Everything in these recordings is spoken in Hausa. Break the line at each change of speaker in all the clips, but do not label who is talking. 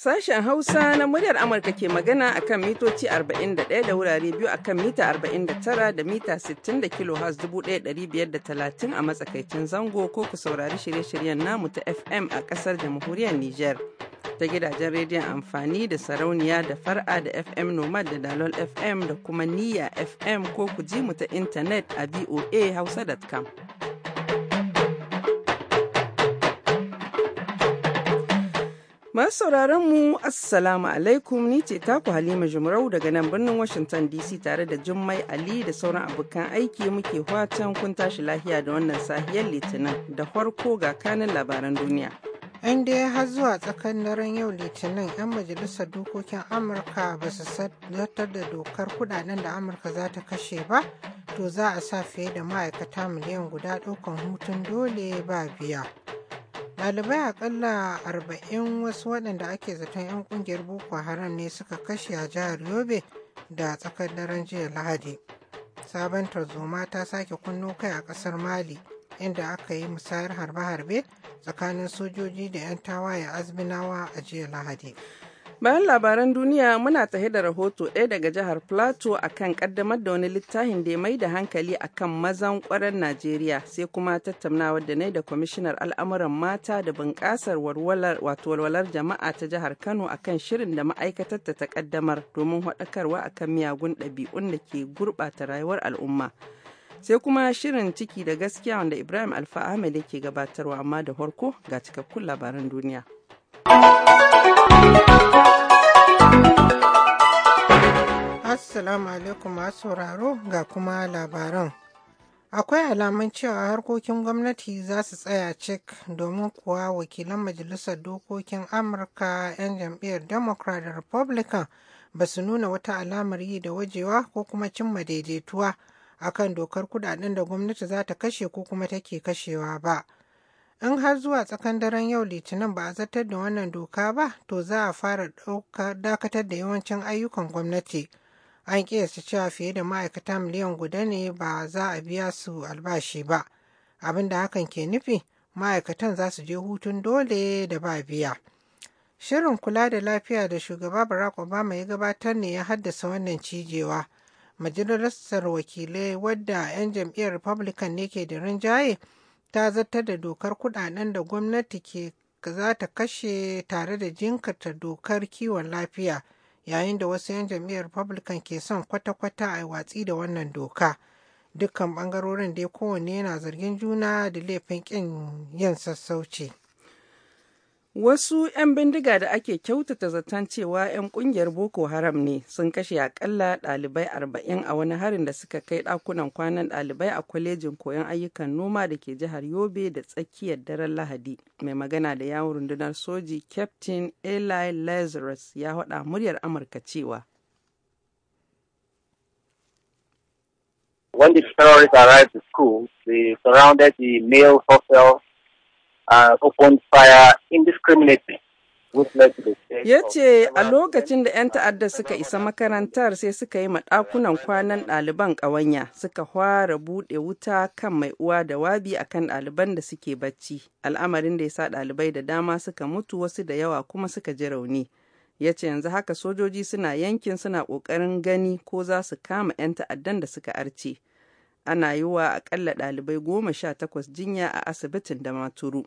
Sashen Hausa na muryar Amurka ke magana akan mitoci 41 da wurare biyu akan mita 49 da mita 60 da kilohertz 1530 a matsakaicin zango ko ku saurari shirye-shiryen namu ta FM a kasar jamhuriyar Nijar. Ta gidajen rediyon amfani da sarauniya da far'a da FM Nomad da Dalol FM da kuma Niya FM ko ku ji mu ta intanet a voa hausa.com. Masu sauraron mu Assalamu alaikum ni ce taku Halima Jumrau daga nan birnin Washington DC tare da Jummai Ali da sauran abokan aiki muke fatan kun tashi lahiya da wannan sahiyar Litinin da farko ga kanin labaran duniya.
An dai har zuwa tsakan daren yau Litinin 'yan majalisar dokokin Amurka ba su zartar da dokar kudaden da Amurka za ta kashe ba, to za a sa fiye da ma'aikata miliyan guda ɗaukan hutun dole ba biya. Ɗalibai akalla arba'in wasu waɗanda ake zaton 'yan ƙungiyar Boko Haram ne suka kashe a jihar Yobe da tsakar daren jiya Lahadi. Sabon tarzoma ta sake kunno kai a ƙasar Mali inda aka yi musayar harbe-harbe tsakanin sojoji da 'yan tawaye azminawa a jiya Lahadi.
Bayan labaran duniya muna tahe da rahoto ɗaya daga jihar Plateau akan kaddamar da wani littafin da ya mai da hankali akan mazan kwarar Najeriya sai kuma tattaunawar da nai da kwamishinar al'amuran mata da bunƙasar walwalar jama'a ta jihar Kano akan shirin da ma'aikatar ta kaddamar domin haɗakarwa akan miyagun ɗabi'un da ke gurɓata rayuwar al'umma. Sai kuma shirin ciki da gaskiya wanda Ibrahim Alfa Ahmed yake gabatarwa amma da farko ga cikakkun labaran duniya.
Assalamu alaikum masu sauraro ga kuma labaran. Akwai alamun cewa harkokin gwamnati za su tsaya cik domin kuwa wakilan Majalisar Dokokin Amurka 'yan jam'iyyar Democrat da Republican ba su nuna wata alamar yi da wajewa ko kuma cimma daidaituwa kan dokar kudaden da gwamnati za ta kashe ko kuma take kashewa ba. in har zuwa tsakan daren yau litinin ba a zartar da wannan doka ba to za a fara dakatar da yawancin ayyukan gwamnati an kiyasta cewa fiye da ma'aikata miliyan guda ne ba za a biya su albashi ba abin da hakan ke nufi ma'aikatan za su je hutun dole da ba biya shirin kula da lafiya da shugaba barack obama ya gabatar ne ya haddasa wannan cijewa majalisar wakilai wadda 'yan jam'iyyar republican ne ke da rinjaye ta zartar da dokar kudaden da gwamnati ke za ta kashe tare da jinkata dokar kiwon lafiya yayin da wasu 'yan jam'iyyar republican ke son kwata-kwata a watsi da wannan doka dukkan bangarorin dai kowanne yana zargin juna da laifin kin yin sassauci
Wasu 'yan bindiga da ake kyautata zaton cewa 'yan kungiyar Boko Haram ne sun kashe akalla ɗalibai arba'in a wani harin da suka kai ɗakunan kwanan ɗalibai a kwalejin koyon ayyukan noma da ke jihar Yobe da tsakiyar daren Lahadi. Mai magana da yawon rundunar soji Captain Eli Lazarus ya haɗa muryar Amurka cewa.
When the terrorists arrived at school, they surrounded the male hostel uh, open
fire indiscriminately. Ya
ce a lokacin da 'yan ta'adda suka isa makarantar sai suka yi maɗakunan kwanan ɗaliban ƙawanya suka fara buɗe wuta kan mai uwa da wabi kan ɗaliban da suke bacci al'amarin da ya sa ɗalibai da dama suka mutu wasu da yawa kuma suka ji rauni. Ya ce yanzu haka sojoji suna yankin suna ƙoƙarin gani ko za su kama 'yan ta'addan da suka arce. ana yi wa akalla ɗalibai goma sha takwas jinya a asibitin da maturu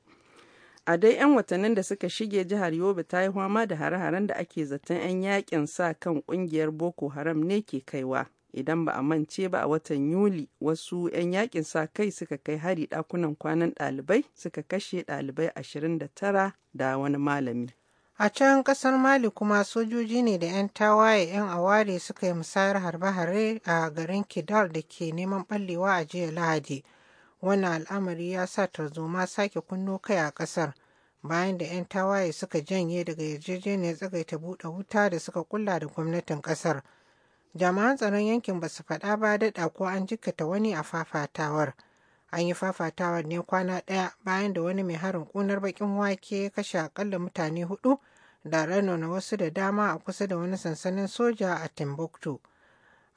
a dai 'yan watannin da suka shige jihar yobe ta yi fama da hare-haren da ake zaton 'yan yakin sa kan kungiyar boko haram ne ke kaiwa idan ba a mance ba a watan yuli wasu 'yan yakin sa kai suka kai hari dakunan kwanan ɗalibai suka kashe ɗalibai
tara da wani malami A can kasar Mali kuma sojoji ne da 'yan tawaye 'yan aware suka yi musayar harbe hare a garin Kidal da ke neman ɓallewa a jiya Lahadi. Wannan al'amari ya sa tarzoma sake kunno kai a kasar bayan da 'yan tawaye suka janye daga yarjejeniyar tsagaita buɗe wuta da suka kulla da gwamnatin kasar. Jama'an tsaron yankin ba su faɗa ba daɗa ko an jikkata wani a fafatawar. An yi fafatawa ne kwana ɗaya bayan da wani mai harin kunar baƙin wake ya kashe akalla mutane hudu da na wasu da dama a kusa da wani sansanin soja a Timbuktu.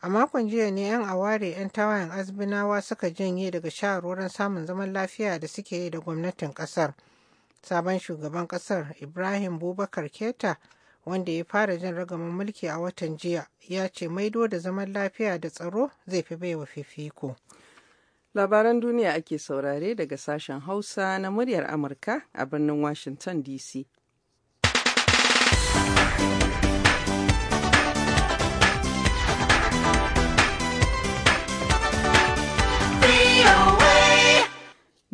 A makon jiya ne 'yan aware 'yan tawayen azbinawa suka janye daga shawarwarin samun zaman lafiya da suke yi da gwamnatin kasar. Sabon shugaban kasar Ibrahim Bubakar Keta wanda ya fara jin ragaman mulki a watan jiya ya ce maido da zaman lafiya da tsaro zai fi baiwa fifiko.
Labaran duniya ake saurare daga sashen Hausa na muryar Amurka a birnin Washington DC.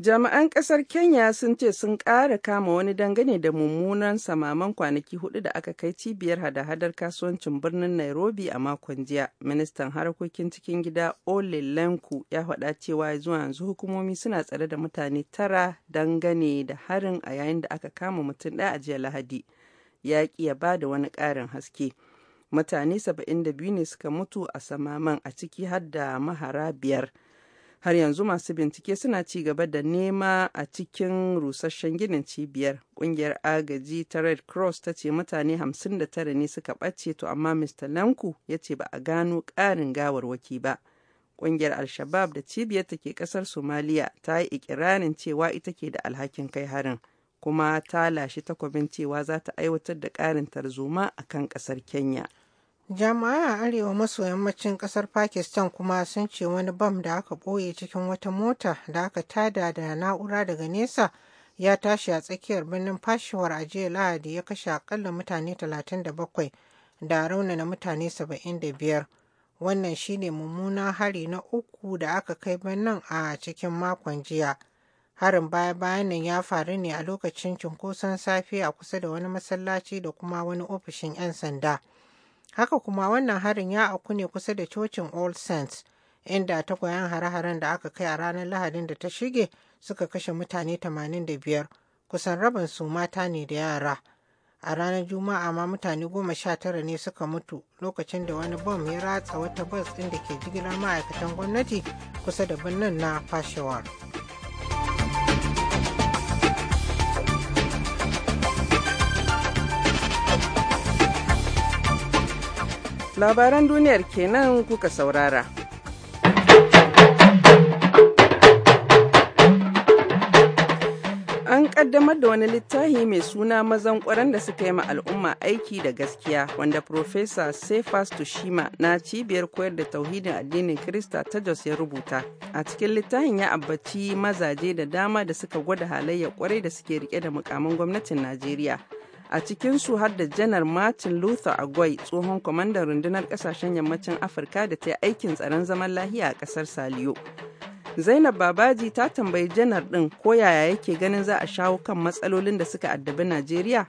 Jami'an ƙasar Kenya sun ce sun ƙara kama wani dangane da mummunan samaman kwanaki hudu da aka kai cibiyar hada-hadar kasuwancin birnin Nairobi a makon jiya. Ministan harkokin cikin gida Ole Lenku ya faɗa cewa zuwa yanzu hukumomi suna tsare da mutane tara dangane da harin a yayin da aka kama mutum ɗaya a jiya Lahadi. Ya ƙi ya ba wani ƙarin haske. Mutane biyu ne suka mutu a samaman a ciki har da mahara biyar. har yanzu masu bincike suna ci gaba da nema a cikin rusasshen ginin cibiyar kungiyar agaji ta red cross ta ce mutane 59 ne suka ɓace to amma mr lanku ya ce ba a gano ƙarin gawarwaki ba kungiyar al-shabab da cibiyar ta ke ƙasar somaliya ta yi ikirarin cewa ita ke da alhakin kai harin kuma ta lashe takwabin cewa za ta aiwatar da ƙarin tarzoma a kan ƙasar kenya
Jama'a a arewa maso yammacin kasar Pakistan kuma sun ce wani bam da aka ɓoye cikin wata mota da aka tada da na'ura daga nesa ya tashi a tsakiyar birnin fashewar a jiya Lahadi ya kashe akalla mutane 37 da raunana mutane 75. Wannan shine mummunan hari na uku da aka kai birnin a cikin makon jiya. Harin baya-bayan nan ya faru ne a lokacin cunkoson safe a kusa da wani masallaci da kuma wani ofishin 'yan sanda. Haka kuma wannan harin ya auku ne kusa da cocin All Saints, inda tagwayen hare-haren da aka kai a ranar Lahadin da ta shige suka kashe mutane 85, kusan rabin su mata ne da yara. A ranar Juma'a ma mutane goma sha tara ne suka mutu lokacin da wani bom ya ratsa wata bas ɗin da ke jigilar ma'aikatan gwamnati kusa da birnin na fashewar.
labaran duniyar kenan kuka saurara. An kaddamar da wani littafi mai suna mazan kwaran da suka yi ma al'umma aiki da gaskiya wanda Profesa Sefas Tushima na cibiyar koyar da tauhidin addinin Kirista ta Jos ya rubuta. A cikin littafin ya abbaci mazaje da dama da suka gwada halayya kwarai da suke rike da mukamin gwamnatin Najeriya. a cikin su har da janar martin luther agwai tsohon kwamandan rundunar kasashen yammacin afirka da ta yi aikin tsaron zaman lahiya a kasar saliyo zainab babaji ta tambayi janar din ko yaya yake ganin za a shawo kan matsalolin da suka addabi najeriya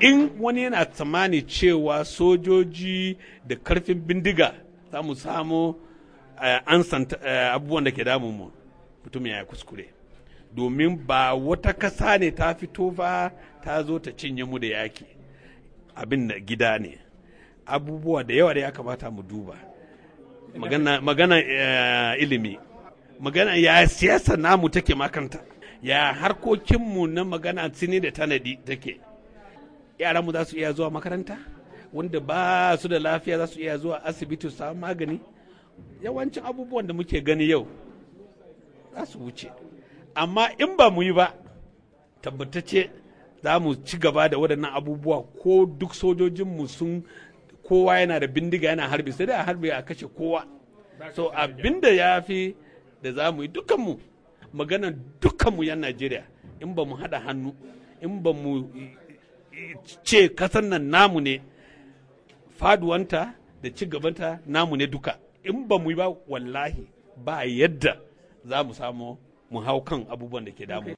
in wani yana tsammani cewa sojoji da karfin bindiga za mu samu eh, eh, abubuwan da ke damu mu mutum ya kuskure domin ba wata kasa ne ta fito ba ta zo ta cinye mu da yaki abin da gida ne abubuwa da yawa da ya kamata mu duba magana, eh, ilimi magana ya siyasa namu take makanta ya harkokinmu na magana sini da tanadi take mu za su iya zuwa makaranta wanda ba su da lafiya za su iya zuwa asibiti samun magani yawancin abubuwan da muke gani yau za su wuce amma in ba mu yi ba tabbatacce za mu ci gaba da waɗannan abubuwa ko duk sojojinmu sun kowa yana da bindiga yana harbi sai a harbi a kashe kowa so abinda ya fi da za mu yi dukkanmu magana dukkanmu yan najeriya in ba mu haɗa hannu in ba mu ce kasan nan namu ne faduwanta da ci gabanta namu ne duka in ba mu yi ba wallahi ba yadda za mu samu mu hau kan abubuwan da ke damu.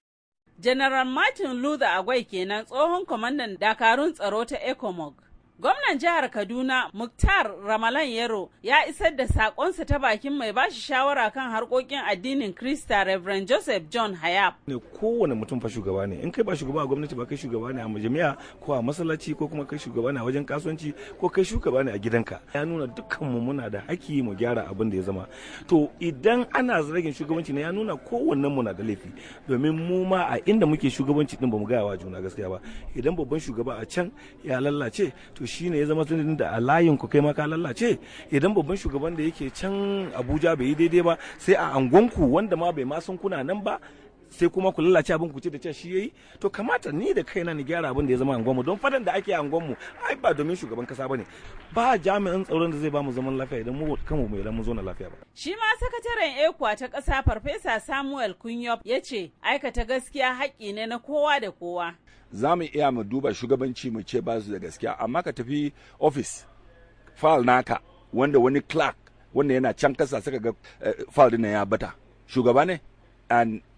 General Martin Luther Agwai kenan tsohon kwamandan dakarun tsaro ta ECOMOG. Gwamnan jihar Kaduna Muktar Ramalan Yaro ya isar da sakonsa ta bakin mai bashi shawara kan harkokin addinin Krista Reverend Joseph John Hayab.
Ne kowane mutum fa shugaba ne in kai ba shugaba a gwamnati ba kai shugaba ne a majami'a ko a masallaci ko kuma kai shugaba ne a wajen kasuwanci ko kai shugaba ne a gidanka. Ya nuna dukkan mu muna da haƙƙi mu gyara abin da ya zama. To idan ana zargin shugabanci ne ya nuna kowanne mu na da laifi domin mu ma a inda muke shugabanci din bamu gaya wa juna gaskiya ba. Idan babban shugaba a can ya lallace to shi ne ya zama sanadin da a layin ku kai ma ka lallace idan babban shugaban da yake can Abuja bai yi daidai ba sai a angonku wanda ma bai ma san kuna nan ba sai kuma ku lalace abin ku ce da shi shi yayi to kamata ni da kaina ni gyara abin da ya zama mu don fadan da ake mu ai ba domin shugaban kasa bane ba jami'in tsaron da zai ba mu zaman lafiya idan mu kanmu mu idan mu zo na lafiya ba
shi ma sakataren ekwa ta kasa farfesa Samuel Kunyop ya ce aikata gaskiya haƙƙi ne na kowa da kowa
za mu iya mu duba shugabanci mu ce ba su da gaskiya amma ka tafi ofis fal naka wanda wani clerk wanda yana can kasa suka ga eh, fal din ya bata shugaba ne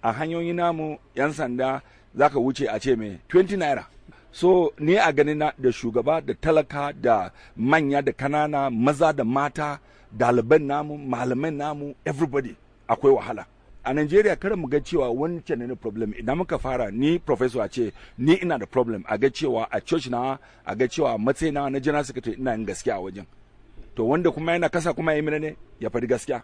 a hanyoyi namu 'yan sanda za ka wuce a ce mai 20 naira so ni a ganina da shugaba da talaka da manya da kanana maza da mata daliban namu malaman namu everybody akwai wahala a nigeria kada mu ga cewa wancan ne problem idan muka fara ni professor a ce ni ina da problem a ga cewa a church na a ga cewa matsayi na general secretary ina yin gaskiya a wajen to wanda kuma yana kasa kuma ya yi ne ya faɗi gaskiya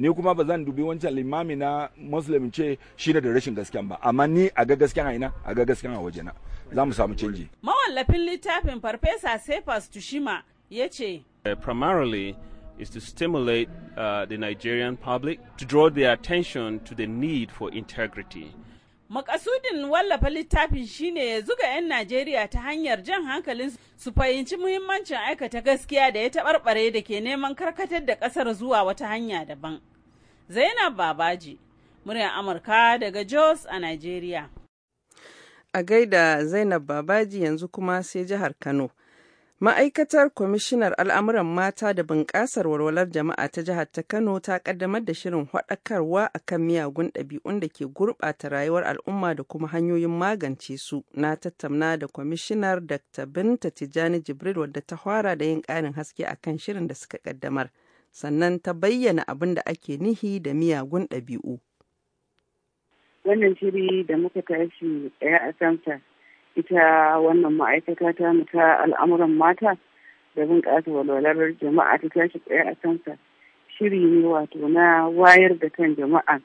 ni kuma ba zan dubi wancan limami na muslim ce shi da rashin gaskiya ba amma ni a ga gaskiya a ina a ga gaskiya a wajena za mu samu canji
mawallafin littafin farfesa sefas tushima ya ce
uh, primarily is to stimulate uh, the nigerian public to draw their attention to the need for integrity
makasudin wallafa littafin shine ya zuga 'yan najeriya ta hanyar jan hankalin su fahimci muhimmancin aikata gaskiya da ya taɓarɓare da ke neman karkatar da ƙasar zuwa wata hanya daban Zainab Babaji, muryar Amurka daga Jos a Najeriya.
A gaida Zainab Babaji yanzu kuma sai jihar Kano. Ma'aikatar Kwamishinar Al'amuran Mata da Bunƙasar Walwalar Jama'a ta Jihar ta Kano ta ƙaddamar da shirin haɗakarwa a kan miyagun ɗabi'un da ke gurɓata rayuwar al'umma da kuma hanyoyin magance su. Na tattauna da Kwamishinar Dr. Binta Tijjani Jibril wadda ta fara da yin ƙarin haske a kan shirin da suka ƙaddamar. sannan ta bayyana abin da ake nihi da miyagun ɗabi'u.
Wannan shiri da muka tashi ɗaya a Samta ita wannan ma'aikata ta ta al'amuran mata da bunƙasa walwalar jama'a ta tashi ɗaya a Samta shiri ne wato na wayar da kan jama'a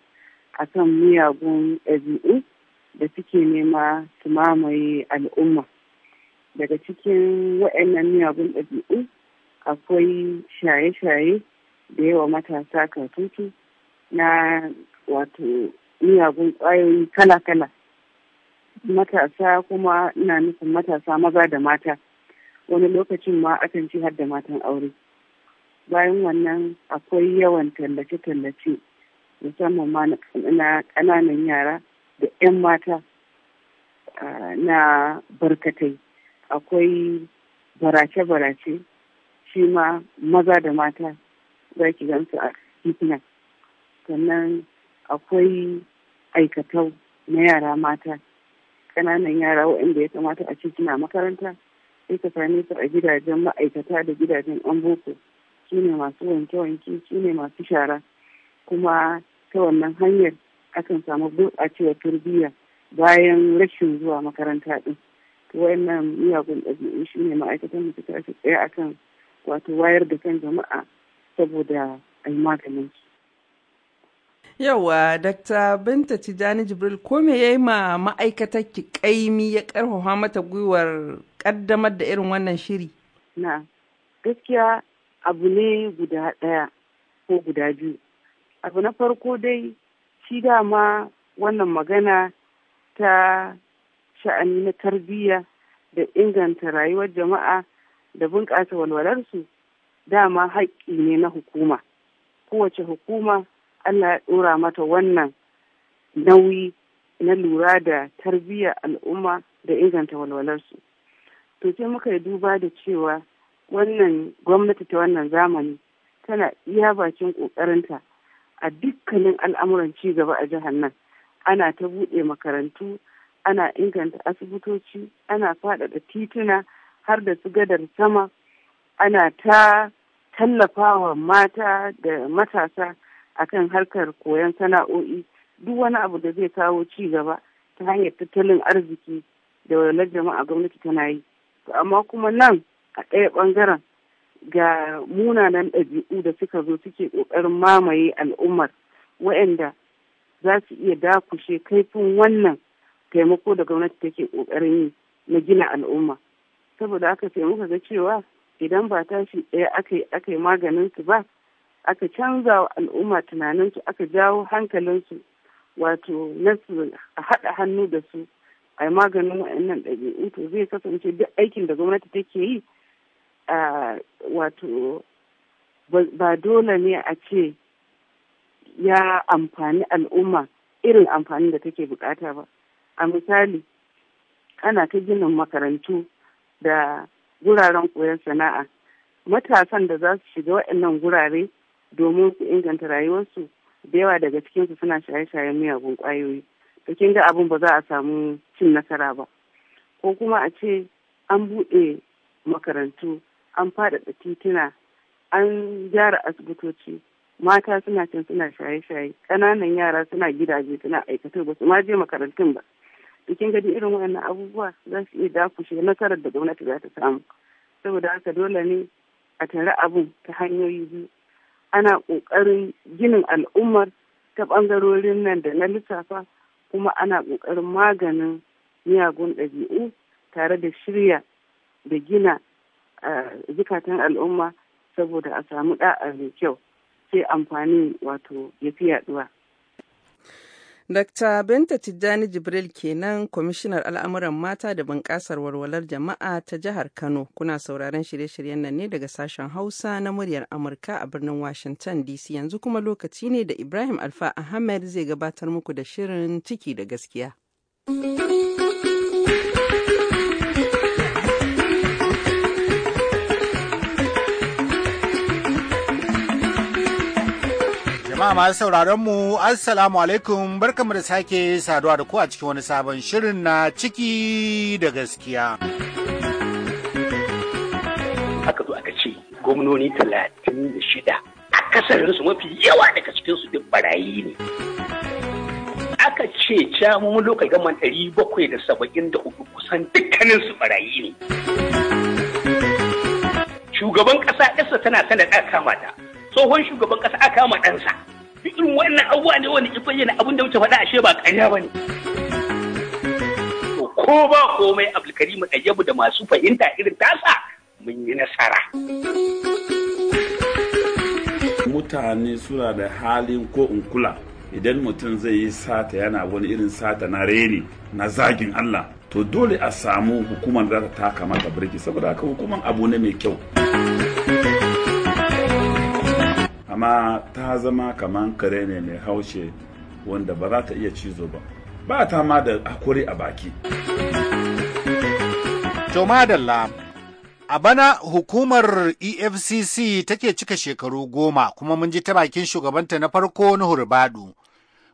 akan miyagun ɗabi'u da suke nema su mamaye al'umma. Daga cikin waɗannan miyagun ɗabi'u akwai shaye-shaye da yawa matasa katutu na wato miyagun ƙwayoyi kala-kala matasa kuma na nufin matasa maza da mata wani lokacin ma akan ci har da matan aure bayan wannan akwai yawan tallace-tallace musamman ma na ƙananan yara da 'yan mata na barkatai akwai barace-barace shi ma maza da mata za ki gansu a titina sannan akwai aikatau na yara mata ƙananan yara waɗanda ya kamata a ce makaranta sai ka same su a gidajen ma'aikata da gidajen an boko su ne masu wanke-wanke su ne masu shara kuma ta wannan hanyar akan samu gurɓacewar turbiya. bayan rashin zuwa makaranta ɗin wayannan wannan miyagun ɗabi'u shi ne ma'aikatan mu suka tashi tsaye akan wato wayar da kan jama'a saboda a yi maganin su.
Yauwa, Dr. Binta Tijani Jibril, ko me ya yi ma ma'aikatar ki kaimi ya karfafa mata gwiwar kaddamar da irin wannan shiri? Na,
gaskiya abu ne guda ɗaya ko guda biyu. Abu na farko dai, shi dama wannan magana ta sha'ani na tarbiyya da inganta rayuwar jama'a da bunƙasa walwalarsu dama haƙƙi ne na hukuma kowace hukuma Allah ya ɗora mata wannan nauyi na lura da tarbiyyar al'umma da inganta walwalarsu to sai muka yi duba da cewa wannan gwamnati ta wannan zamani tana iya bakin ƙoƙarinta a dukkanin al'amuran ci gaba a jihar nan ana ta buɗe makarantu ana inganta asibitoci ana faɗaɗa tituna har da su gadar sama ana ta tallafawa mata da matasa a kan harkar koyon sana'o'i duk wani abu da zai kawo ci gaba ta hanyar tattalin arziki da walar jama'a gwamnati tana yi amma kuma nan a ɗaya ɓangaren ga munanan ɗabi'u da suka zo suke ƙoƙarin mamaye al'ummar waɗanda za su iya dakushe kaifin wannan taimako da gwamnati take ƙoƙarin yi na gina al'umma saboda haka sai muka ga cewa idan ba tashi ɗaya aka yi maganin su ba aka canza wa al'umma su. aka jawo hankalin su. wato na su haɗa hannu da su a maganin wa'annan ɗabi'u to zai kasance duk aikin da gwamnati take yi a wato ba dole ne a ce ya amfani al'umma irin amfanin da take bukata ba a misali ana ta ginin makarantu da guraren koyon sana'a matasan da za su shiga waɗannan gurare domin su inganta rayuwarsu da yawa daga cikinsu suna shaye-shayen miyagun kwayoyi to kin ga abin ba za a samu cin nasara ba ko kuma a ce an buɗe makarantu an faɗaɗa tituna an gyara asibitoci mata suna can suna shaye-shaye ƙananan yara suna gidaje suna aikata ba su ma je makarantun ba bikin gadi irin wannan abubuwa za su iya dakushe nasarar da gwamnati za ta samu saboda haka dole ne a tare abun ta hanyoyi biyu ana ƙoƙarin ginin al'ummar ta ɓangarorin nan da na lissafa kuma ana ƙoƙarin maganin miyagun ɗabi'u tare da shirya da gina zukatan al'umma saboda a samu ɗa'a mai kyau sai amfani wato ya fi yaɗuwa.
Dr. Binta Tijjani Jibril kenan kwamishinar al'amuran mata da bunƙasar walwalar jama'a ta jihar Kano. Kuna sauraron shirye-shiryen nan ne daga sashen Hausa na muryar Amurka a birnin Washington DC. Yanzu kuma lokaci ne da Ibrahim Alfa Ahmed zai gabatar muku da shirin ciki da gaskiya.
Jama'a masu sauraron mu Assalamu alaikum barkamu da sake saduwa da ku a cikin wani sabon shirin na ciki
da gaskiya. Aka zo aka ce gwamnoni talatin da shida a akasarinsu mafi yawa daga cikinsu duk barayi ne. Aka ce camun lokacin gaman ɗari bakwai da saba'in da hudu kusan dukkaninsu barayi ne. Shugaban ƙasa ɗasa tana sanar ɗaka kamata. tsohon shugaban kasa aka kama ɗansa duk irin wannan abubuwa ne wani ya bayyana abin da wuce faɗa ashe ba ƙarya ba ne ko ba komai abdulkarim ɗayyabu da masu fahimta irin tasa mun yi nasara
mutane suna da halin ko in kula idan mutum zai yi sata yana wani irin sata na reni na zagin Allah to dole a samu hukumar da ta taka mata birki saboda haka hukumar abu ne mai kyau. amma ta zama kamar kare ne mai haushe wanda ba za ta iya cizo ba ba ta ma da hakuri a baki to madalla a bana hukumar
efcc take cika shekaru goma kuma mun ji ta bakin shugabanta na farko na hurbadu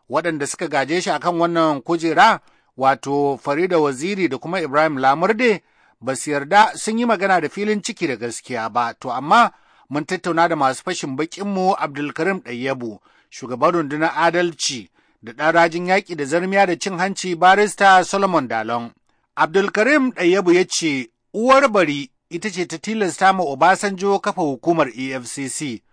waɗanda suka gaje shi akan wannan kujera wato farida waziri da kuma ibrahim lamurde ba su yarda sun yi magana da filin ciki da gaskiya ba to amma mun tattauna da masu fashin bakinmu Abdulkarim Ɗayyabu, shugaban rundunar adalci da ɗan rajin yaƙi da zarmiya da cin hanci barista Solomon Dalon. Abdulkarim Ɗayyabu ya ce, Uwar bari ita ce ta tilasta ma Obasanjo kafa hukumar EFCC,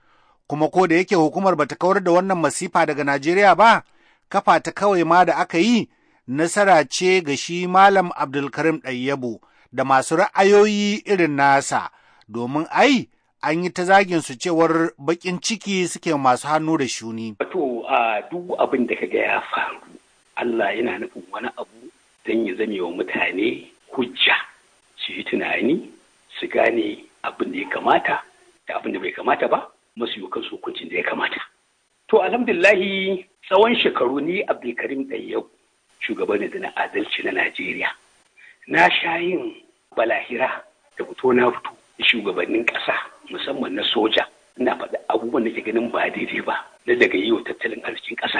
kuma ko da yake hukumar bata kawar da wannan masifa daga Najeriya ba, kafa ta kawai ma da aka yi nasara ce ga shi Malam Abdulkarim Ɗayyabu da masu ra'ayoyi irin nasa, domin ai an yi ta zagin su cewar bakin ciki suke masu hannu da shuni.
Wato a duk abin da kaga ya faru Allah yana nufin wani abu don ya zame wa mutane hujja su yi tunani su gane abin da ya kamata da abin da bai kamata ba masu yi kansu hukuncin da ya kamata. To alhamdulillahi tsawon shekaru ni Abdulkarim Ɗayyau shugaban da na adalci na Najeriya. Na sha yin balahira da fito na fito shugabannin ƙasa musamman na soja ina faɗa abubuwan da ke ganin ba daidai ba na daga yi tattalin arzikin ƙasa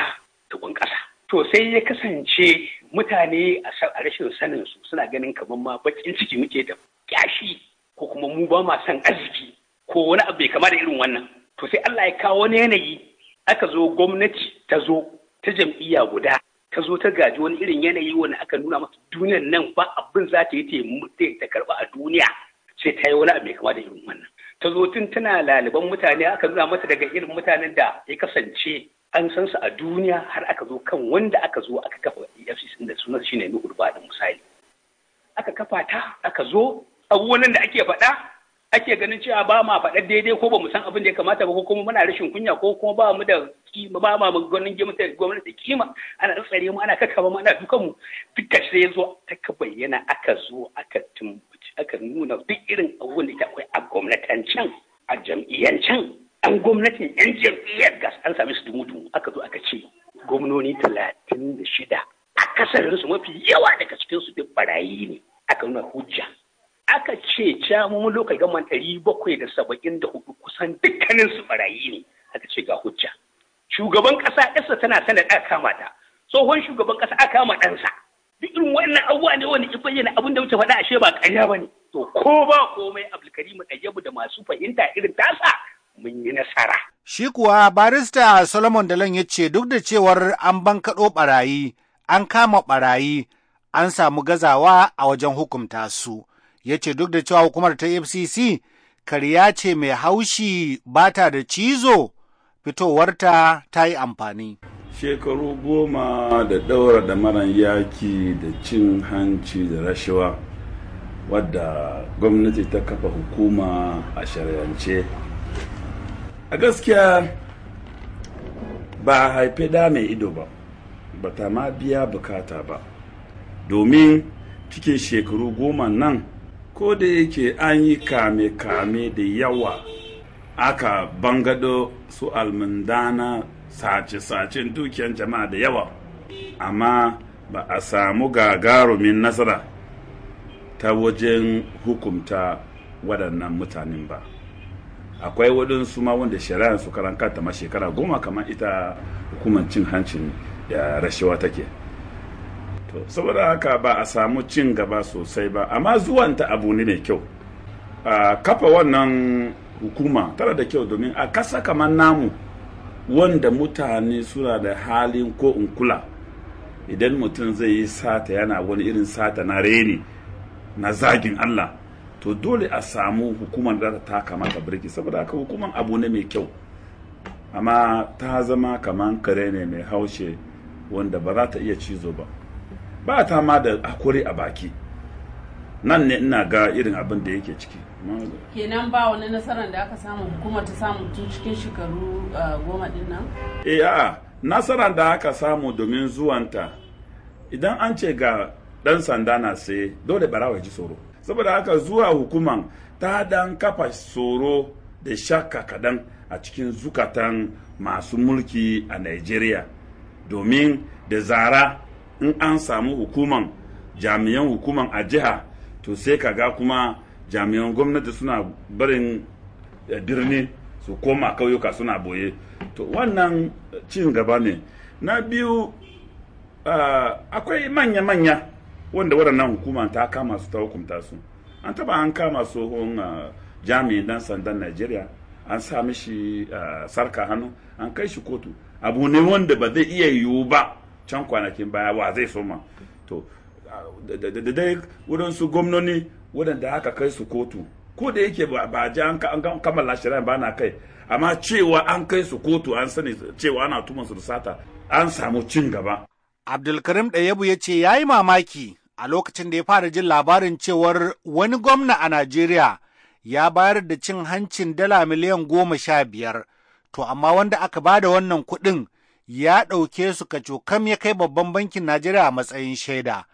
da ƙwan ƙasa. To sai ya kasance mutane a rashin sanin su suna ganin kamar ma baƙin ciki muke da ƙyashi ko kuma mu ba ma son arziki ko wani abu bai kama da irin wannan. To sai Allah ya kawo wani yanayi aka zo gwamnati ta zo ta jam'iyya guda ta zo ta gaji wani irin yanayi wani aka nuna masa duniyar nan ba abin za ta yi ta karɓa a duniya. sai ta yi wani abu mai kama da irin wannan ta zo tun tana laliban mutane aka nuna mata daga irin mutanen da ya kasance an san su a duniya har aka zo kan wanda aka zo aka kafa EFCC da sunan shine Nuhu da misali aka kafa ta aka zo abubuwan da ake faɗa ake ganin cewa ba ma faɗa daidai ko ba mu san abin da ya kamata ba ko kuma muna rashin kunya ko kuma ba mu da kima ba ma mu ganin gwamnati da kima ana tsare mu ana kakaba mu ana dukan mu dukkan sai ya zo ta bayyana aka zo aka tun Akan nuna duk irin abubuwan da akwai a gwamnatancen a can. an gwamnatin yan jam'iyyar gas an sami su dumutu aka zo aka ce gwamnoni talatin da shida a su mafi yawa daga cikin su duk barayi ne aka nuna hujja aka ce camun lokacin gaman ɗari bakwai da saba'in da hudu kusan dukkaninsu barayi ne aka ce ga hujja shugaban ƙasa ƙasa tana sanar aka kama ta tsohon shugaban ƙasa aka kama ɗansa abubuwa wani wanda ya bayyana abin da muke faɗa ashe ba ƙarya ba ne. To ko ba komai Abdulkarim Ɗayyabu da masu fahimta irin tasa mun yi nasara.
Shi kuwa barista Solomon Dalon ya ce duk da cewar an bankaɗo ɓarayi, an kama ɓarayi, an samu gazawa a wajen hukunta su. Ya ce duk da cewa hukumar ta FCC karya ce mai haushi bata da cizo fitowarta ta yi amfani.
shekaru goma da daura da maran yaki da cin hanci da rashawa wadda gwamnati ta kafa hukuma a shari'ance a gaskiya ba a haife da mai ido ba ba ta ma biya bukata ba domin cikin shekaru goma nan ko da yake an yi kame-kame da yawa aka bangado su almundana sace-sacen dukiyar jama'a da yawa amma ba a samu gagarumin nasara ta wajen hukumta waɗannan mutanen ba akwai waɗansu ma wanda shari'ar su karan ta ma shekara goma kamar ita hukumar cin hancin da rashawa take to saboda haka ba a samu cin gaba sosai ba amma ta abu ne mai kyau a kafa wannan hukuma tara da kyau domin a kasa kamar namu wanda mutane suna da halin ko in kula idan mutum zai yi sata yana wani irin sata na reni na zagin Allah to dole a samu hukumar da ta kamata birki saboda haka hukumar abu ne mai kyau amma ta zama kamar kare ne mai haushe wanda ba za ta iya cizo ba ba ta ma da hakuri a baki nan ne ina ga irin abin da yake ciki
kenan ba wani nasarar da aka samu kuma ta samu tun cikin shekaru uh, goma din nan?
eh a'a nasarar da aka samu domin zuwanta idan an ce ga dan sanda na sai dole barawa ji tsoro saboda haka zuwa hukuman ta dan kafa tsoro da shakka kadan a cikin zukatan masu mulki a nigeria domin da zara in an samu hukuman jami'an hukuman a jiha to sai ga kuma jami'an gwamnati suna barin eh, birni su koma kauyuka suna boye to wannan cin gaba ne na biyu eh, akwai manya-manya wanda waɗannan hukuma ta kama su ta hukunta su an taba an kama tsohon eh, jami'in dan sandan najeriya an sa mishi sarka hannu an kai shi kotu abu ne wanda ba zai iya yiwu ba can kwanakin baya wa zai soma to da dai wurin su gwamnoni waɗanda aka kai su kotu ko da yake ba ji an kammala shari'a ba na kai amma cewa an kai su kotu an sani cewa ana tuman su sata an samu cin gaba. Abdulkarim Yabu ya ce ya yi mamaki a lokacin da ya fara
jin labarin cewar wani gwamna a Najeriya ya bayar da cin hancin dala miliyan goma sha biyar. To amma wanda aka ba da wannan kuɗin ya ɗauke su kam ya kai babban bankin Najeriya a matsayin shaida.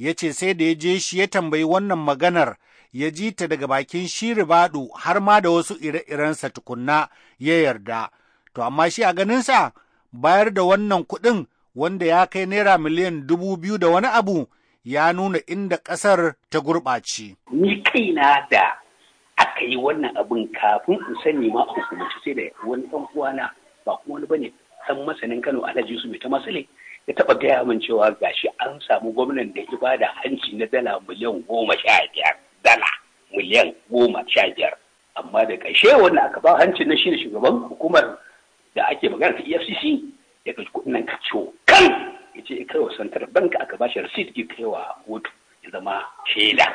ya ce sai da ya je shi ya tambayi wannan maganar ya ji ta daga bakin shi ribadu har ma da wasu ire-irensa tukunna ya yarda. To amma shi a ganinsa bayar da wannan kuɗin wanda ya kai naira miliyan dubu biyu da wani abu ya nuna inda ƙasar ta
gurɓace. Ni kaina da aka yi wannan abin kafin in sani ma a hukumance sai da wani ɗan uwana ba kuma wani bane ɗan masanin Kano Alhaji Yusuf ta masale ya taba gaya min cewa gashi an samu gwamnan da ya bada hanci na dala miliyan goma sha biyar dala miliyan goma sha biyar amma da ƙarshe wanda aka ba hanci na shine shugaban hukumar da ake magana ta EFCC ya ɗauki kuɗin nan kan ya ce kai wa santar banka aka ba shi receipt ya kai wa kotu ya zama shaida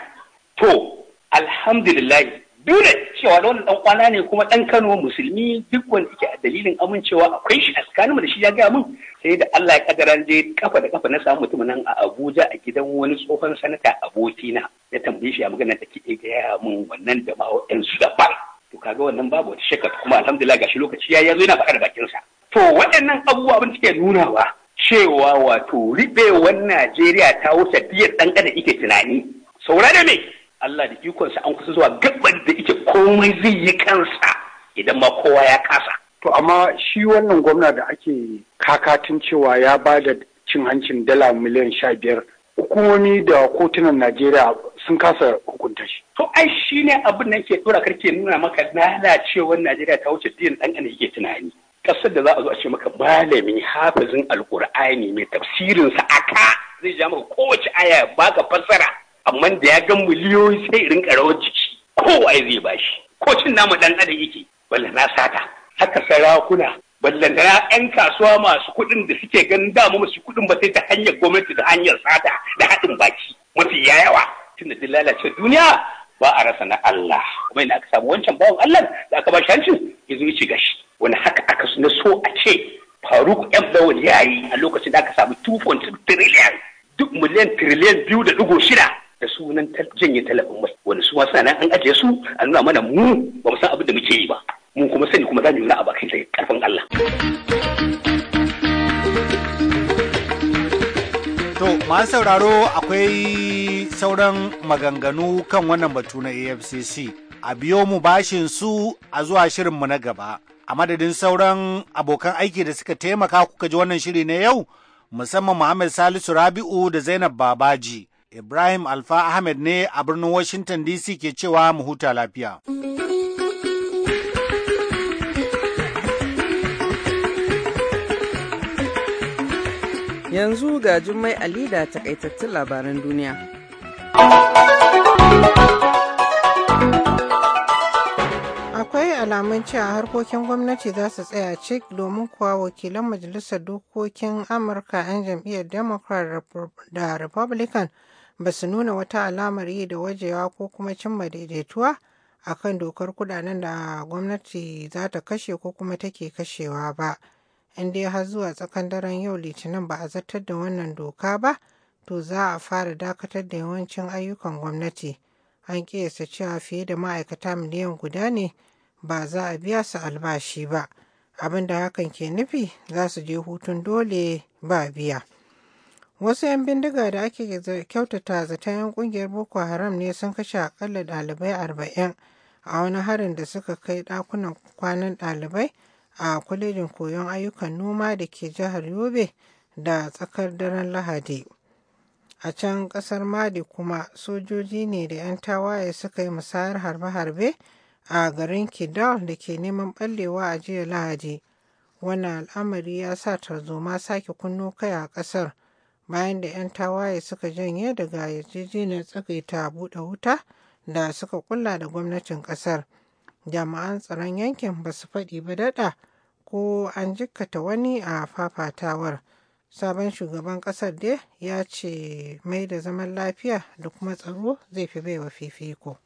to alhamdulillah dole cewa da dan kwana ne kuma dan Kano musulmi duk wanda yake a dalilin amincewa akwai shi a tsakaninmu da shi ya gaya mun sai da Allah ya kadara je kafa da kafa na samu mutum nan a Abuja a gidan wani tsohon sanata na ya tambaye shi a magana da ke gaya mun wannan da ma wa'en su da ba to kaga wannan babu wata shakka kuma alhamdulillah gashi lokaci ya yazo yana faɗa bakin sa to waɗannan abubuwa abin suke nunawa cewa wato ribewar Najeriya ta wuce biyar ɗan adam yake tunani saurare me Allah da ikonsa an kusa zuwa gabar da ita komai zai yi kansa idan ma kowa ya kasa. To amma shi wannan gwamna da ake kakatin cewa ya ba da cin hancin dala miliyan sha biyar hukumomi da kotunan Najeriya sun kasa hukunta shi. To ai shi ne abin da ke dora karke nuna maka lalacewar Najeriya ta wuce din dan ana yake tunani. Kasar da za a zo a ce maka malami hafizin alkur'ani mai tafsirinsa aka zai ja maka kowace aya baka fassara. amma da ya ga miliyoyi sai irin karawar jiki kowa zai bashi ko cin namu dan adam yake balla na sata haka sarakuna balla na yan kasuwa masu kuɗin da suke ganin dama masu kuɗin ba sai ta hanyar gwamnati da hanyar sata da haɗin baki mafi yawa tunda da lalace duniya ba a rasa na Allah kuma ina aka samu wancan bawan Allah da aka ba shi hancin ya zo ya ci gashi wani haka aka suna so a ce Faruk M Lawal yayi a lokacin da aka samu 2.3 trillion duk miliyan trillion biyu da ɗigo shida da sunan janye talafin mai wani su wasu nan an ajiye su a nuna mana mu ba mu san abin da muke yi ba mu kuma sani kuma za mu yi na bakin sai karfin Allah.
To masu sauraro akwai sauran maganganu kan wannan batu na AFCC a biyo mu bashin su a zuwa shirin mu na gaba. A madadin sauran abokan aiki da suka taimaka kuka ji wannan shiri na yau musamman Muhammad Salisu Rabi'u da Zainab Babaji. Ibrahim Alfa Ahmed ne a birnin Washington DC ke cewa mu huta lafiya.
Yanzu ga Jummai Ali da takaitattun labaran duniya.
Akwai alamun cewa harkokin gwamnati za su tsaya cik domin kuwa wakilan Majalisar Dokokin Amurka 'yan jam'iyyar Democrat da Republican ba su nuna wata alamar yi da wajewa ko kuma cimma daidaituwa a kan dokar kudaden da gwamnati za ta kashe ko kuma take kashewa ba in dai har zuwa tsakan daren yau litinin ba a zartar da wannan doka ba to za a fara dakatar da yawancin ayyukan gwamnati an kiyasta cewa fiye da ma'aikata miliyan guda ne ba za a biya su albashi ba Abin da hakan ke nufi za su je hutun dole ba biya. Wasu 'yan bindiga da ake kyautata zaton 'yan kungiyar Boko Haram ne sun kashe akalla ɗalibai arba'in a wani harin da suka kai ɗakunan kwanan ɗalibai a kwalejin koyon ayyukan noma da ke jihar Yobe da tsakar daren Lahadi. A can ƙasar Madi kuma sojoji ne da 'yan tawaye suka yi musayar harbe-harbe a garin Kidal da ke neman ɓallewa a jiya Lahadi. Wannan al'amari ya sa tarzoma sake kunno kai a ƙasar. bayan da 'yan tawaye suka janye daga yarjejeniyar tsagaita buɗe wuta da suka kula da gwamnatin ƙasar, jami'an tsaron yankin ba su faɗi ba daɗa ko an jikkata wani a fafatawar sabon shugaban ƙasar dai ya ce mai da zaman lafiya da kuma tsaro zai fi baiwa fifiko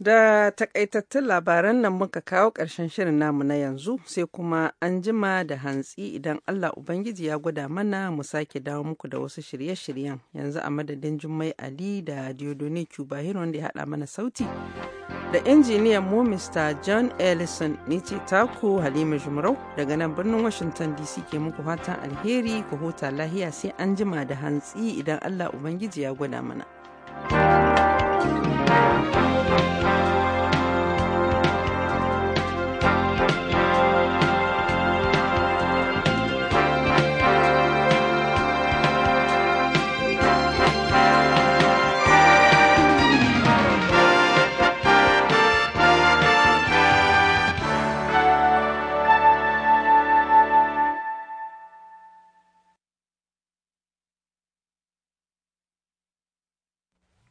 Da takaitattun labaran nan muka
kawo ƙarshen shirin namu na yanzu sai kuma an jima da hantsi idan Allah Ubangiji ya gwada mana mu sake dawo muku da wasu shirye-shiryen yanzu a madadin Jummai Ali da Diodone Cuba da ya haɗa mana sauti. Da injiniyan mu Mr. John Ellison ni ce taku Halima Jumrau daga nan birnin Washington DC ke muku fatan alheri ku huta lahiya sai an jima da hantsi idan Allah Ubangiji ya gwada mana. thank you